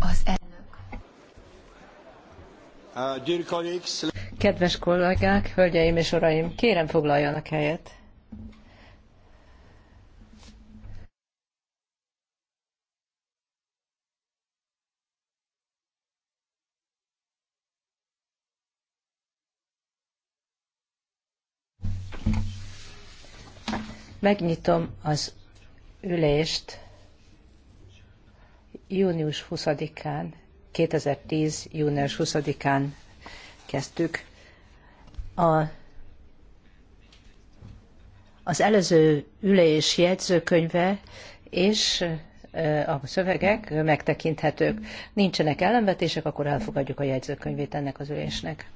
Az elnök. Uh, Kedves kollégák, hölgyeim és uraim, kérem foglaljanak helyet. Megnyitom az ülést. Június 20-án, 2010. június 20-án kezdtük. A, az előző ülés jegyzőkönyve és a szövegek megtekinthetők. Nincsenek ellenvetések, akkor elfogadjuk a jegyzőkönyvét ennek az ülésnek.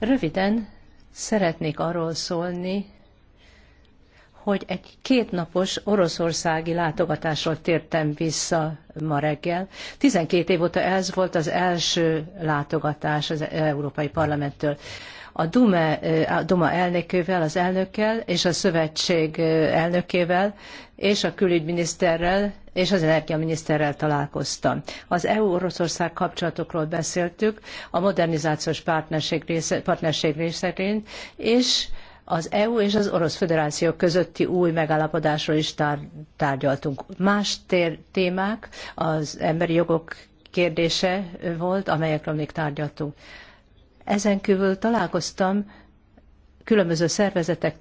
Röviden szeretnék arról szólni, hogy egy kétnapos oroszországi látogatásról tértem vissza ma reggel. 12 év óta ez volt az első látogatás az Európai Parlamenttől. A Duma, a Duma elnökével, az elnökkel és a szövetség elnökével és a külügyminiszterrel és az energiaminiszterrel találkoztam. Az EU-Oroszország kapcsolatokról beszéltük, a modernizációs partnerség, része, partnerség részerint, és az EU és az Orosz Föderáció közötti új megállapodásról is tárgyaltunk. Más tér, témák az emberi jogok kérdése volt, amelyekről még tárgyaltunk. Ezen kívül találkoztam különböző szervezetek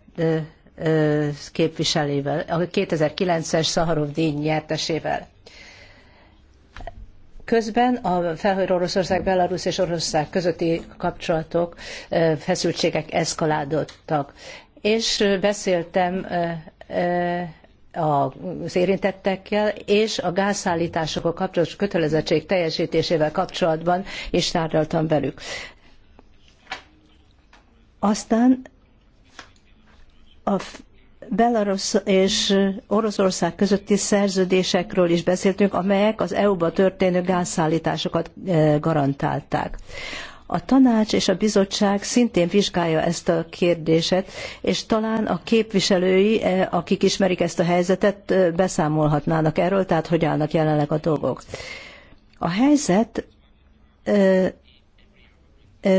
képviselével, a 2009-es Szaharov díj nyertesével. Közben a felhőr Oroszország, Belarus és Oroszország közötti kapcsolatok, feszültségek eszkalálódtak. És beszéltem az érintettekkel, és a gázszállításokkal kapcsolatos kötelezettség teljesítésével kapcsolatban is tárgyaltam velük. Aztán a Belarus és Oroszország közötti szerződésekről is beszéltünk, amelyek az EU-ba történő gázszállításokat e, garantálták. A tanács és a bizottság szintén vizsgálja ezt a kérdéset, és talán a képviselői, e, akik ismerik ezt a helyzetet, e, beszámolhatnának erről, tehát hogy állnak jelenleg a dolgok. A helyzet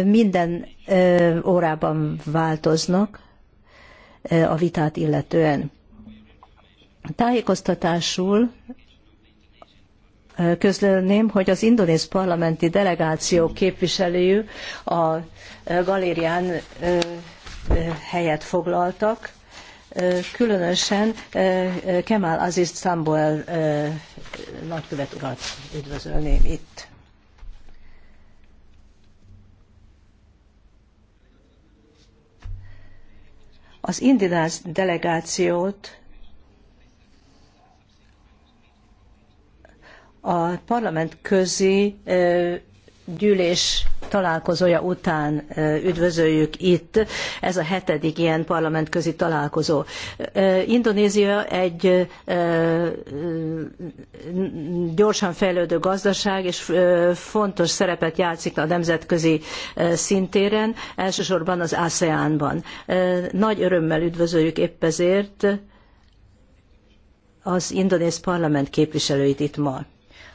minden órában változnak, a vitát illetően. Tájékoztatásul közlölném, hogy az indonéz parlamenti delegáció képviselői a galérián helyet foglaltak, különösen Kemal Aziz Samboel nagykövet urat üdvözölném itt. Az indián delegációt a parlament közi gyűlés találkozója után üdvözöljük itt. Ez a hetedik ilyen parlamentközi találkozó. Indonézia egy gyorsan fejlődő gazdaság, és fontos szerepet játszik a nemzetközi szintéren, elsősorban az ASEAN-ban. Nagy örömmel üdvözöljük épp ezért az indonéz parlament képviselőit itt ma.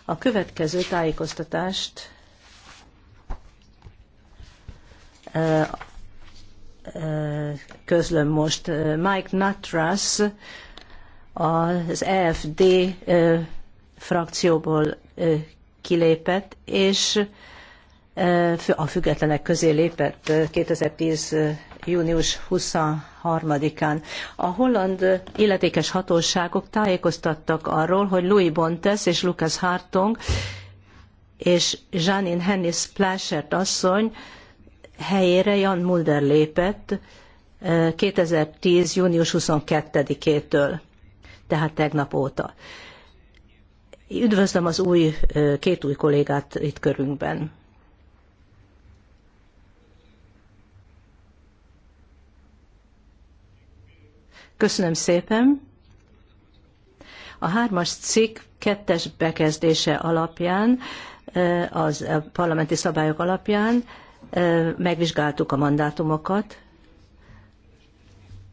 A következő tájékoztatást közlöm most. Mike Natras az EFD frakcióból kilépett, és a függetlenek közé lépett 2010. június 23-án. A holland illetékes hatóságok tájékoztattak arról, hogy Louis Bontes és Lucas Hartong és Janine Hennis Plássert asszony helyére Jan Mulder lépett 2010. június 22-től, tehát tegnap óta. Üdvözlöm az új, két új kollégát itt körünkben. Köszönöm szépen. A hármas cikk kettes bekezdése alapján, az parlamenti szabályok alapján megvizsgáltuk a mandátumokat,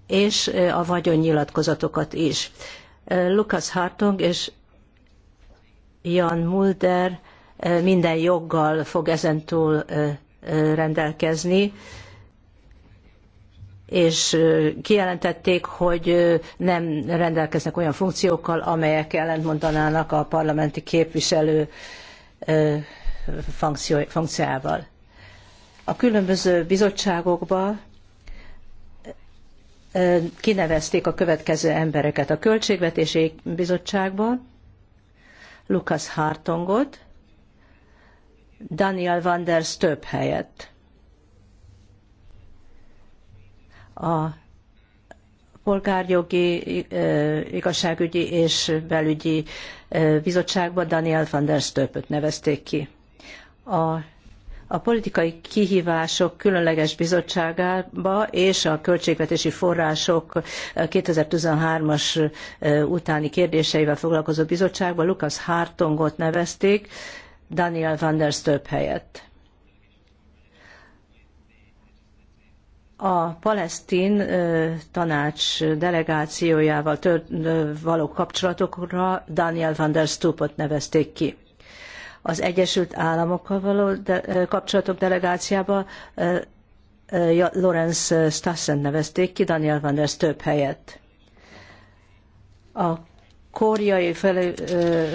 és a vagyonnyilatkozatokat is. Lukasz Hartong és Jan Mulder minden joggal fog ezentúl rendelkezni, és kijelentették, hogy nem rendelkeznek olyan funkciókkal, amelyek ellentmondanának a parlamenti képviselő funkciójával a különböző bizottságokba kinevezték a következő embereket. A Költségvetési Bizottságban Lukas Hartongot, Daniel van der Stöp helyett. A polgárjogi, igazságügyi és belügyi bizottságban Daniel van der Stöpöt nevezték ki. A a politikai kihívások különleges bizottságába és a költségvetési források 2013-as utáni kérdéseivel foglalkozó bizottságba Lukas Hartongot nevezték Daniel van der Stöp helyett. a palesztin tanács delegációjával való kapcsolatokra Daniel van der Stupot nevezték ki az Egyesült Államokkal való de, kapcsolatok delegáciába Lorenz Stassen nevezték ki, Daniel van der Stöp helyett. A koreai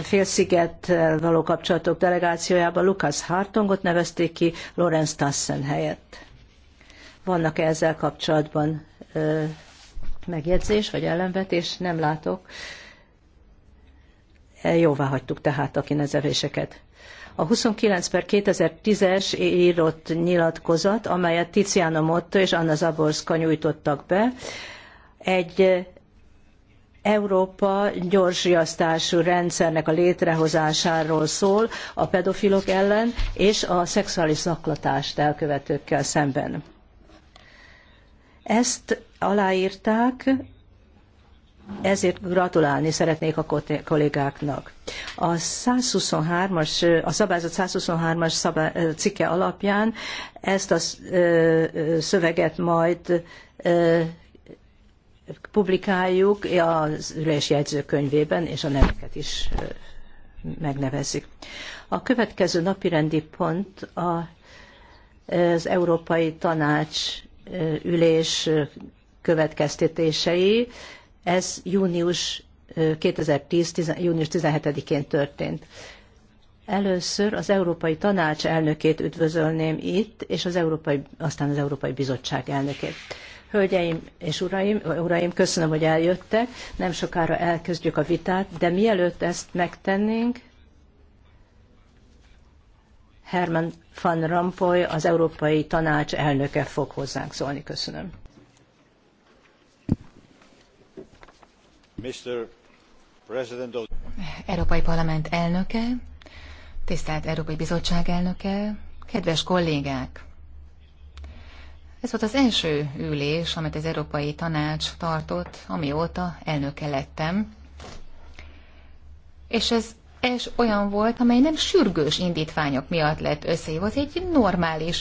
félszigettel való kapcsolatok delegációjába Lukas Hartongot nevezték ki Lorenz Stassen helyett. Vannak-e ezzel kapcsolatban megjegyzés vagy ellenvetés? Nem látok. Jóvá hagytuk tehát a kinezeléseket. A 29 per 2010-es írott nyilatkozat, amelyet Tiziano Motta és Anna Zaborska nyújtottak be, egy Európa gyors riasztású rendszernek a létrehozásáról szól a pedofilok ellen és a szexuális zaklatást elkövetőkkel szemben. Ezt aláírták, ezért gratulálni szeretnék a kollégáknak. A 123-as, a szabályzat 123-as cikke alapján ezt a szöveget majd publikáljuk az ülés jegyzőkönyvében, és a neveket is megnevezzük. A következő napirendi pont a, az Európai Tanács ülés következtetései. Ez június 2010. június 17-én történt. Először az Európai Tanács elnökét üdvözölném itt, és az Európai, aztán az Európai Bizottság elnökét. Hölgyeim és uraim, uraim, köszönöm, hogy eljöttek. Nem sokára elkezdjük a vitát, de mielőtt ezt megtennénk, Herman van Rompuy, az Európai Tanács elnöke fog hozzánk szólni. Köszönöm. Európai Parlament elnöke, tisztelt Európai Bizottság elnöke, kedves kollégák! Ez volt az első ülés, amit az Európai Tanács tartott, amióta elnöke lettem. És ez olyan volt, amely nem sürgős indítványok miatt lett összehívva, egy normális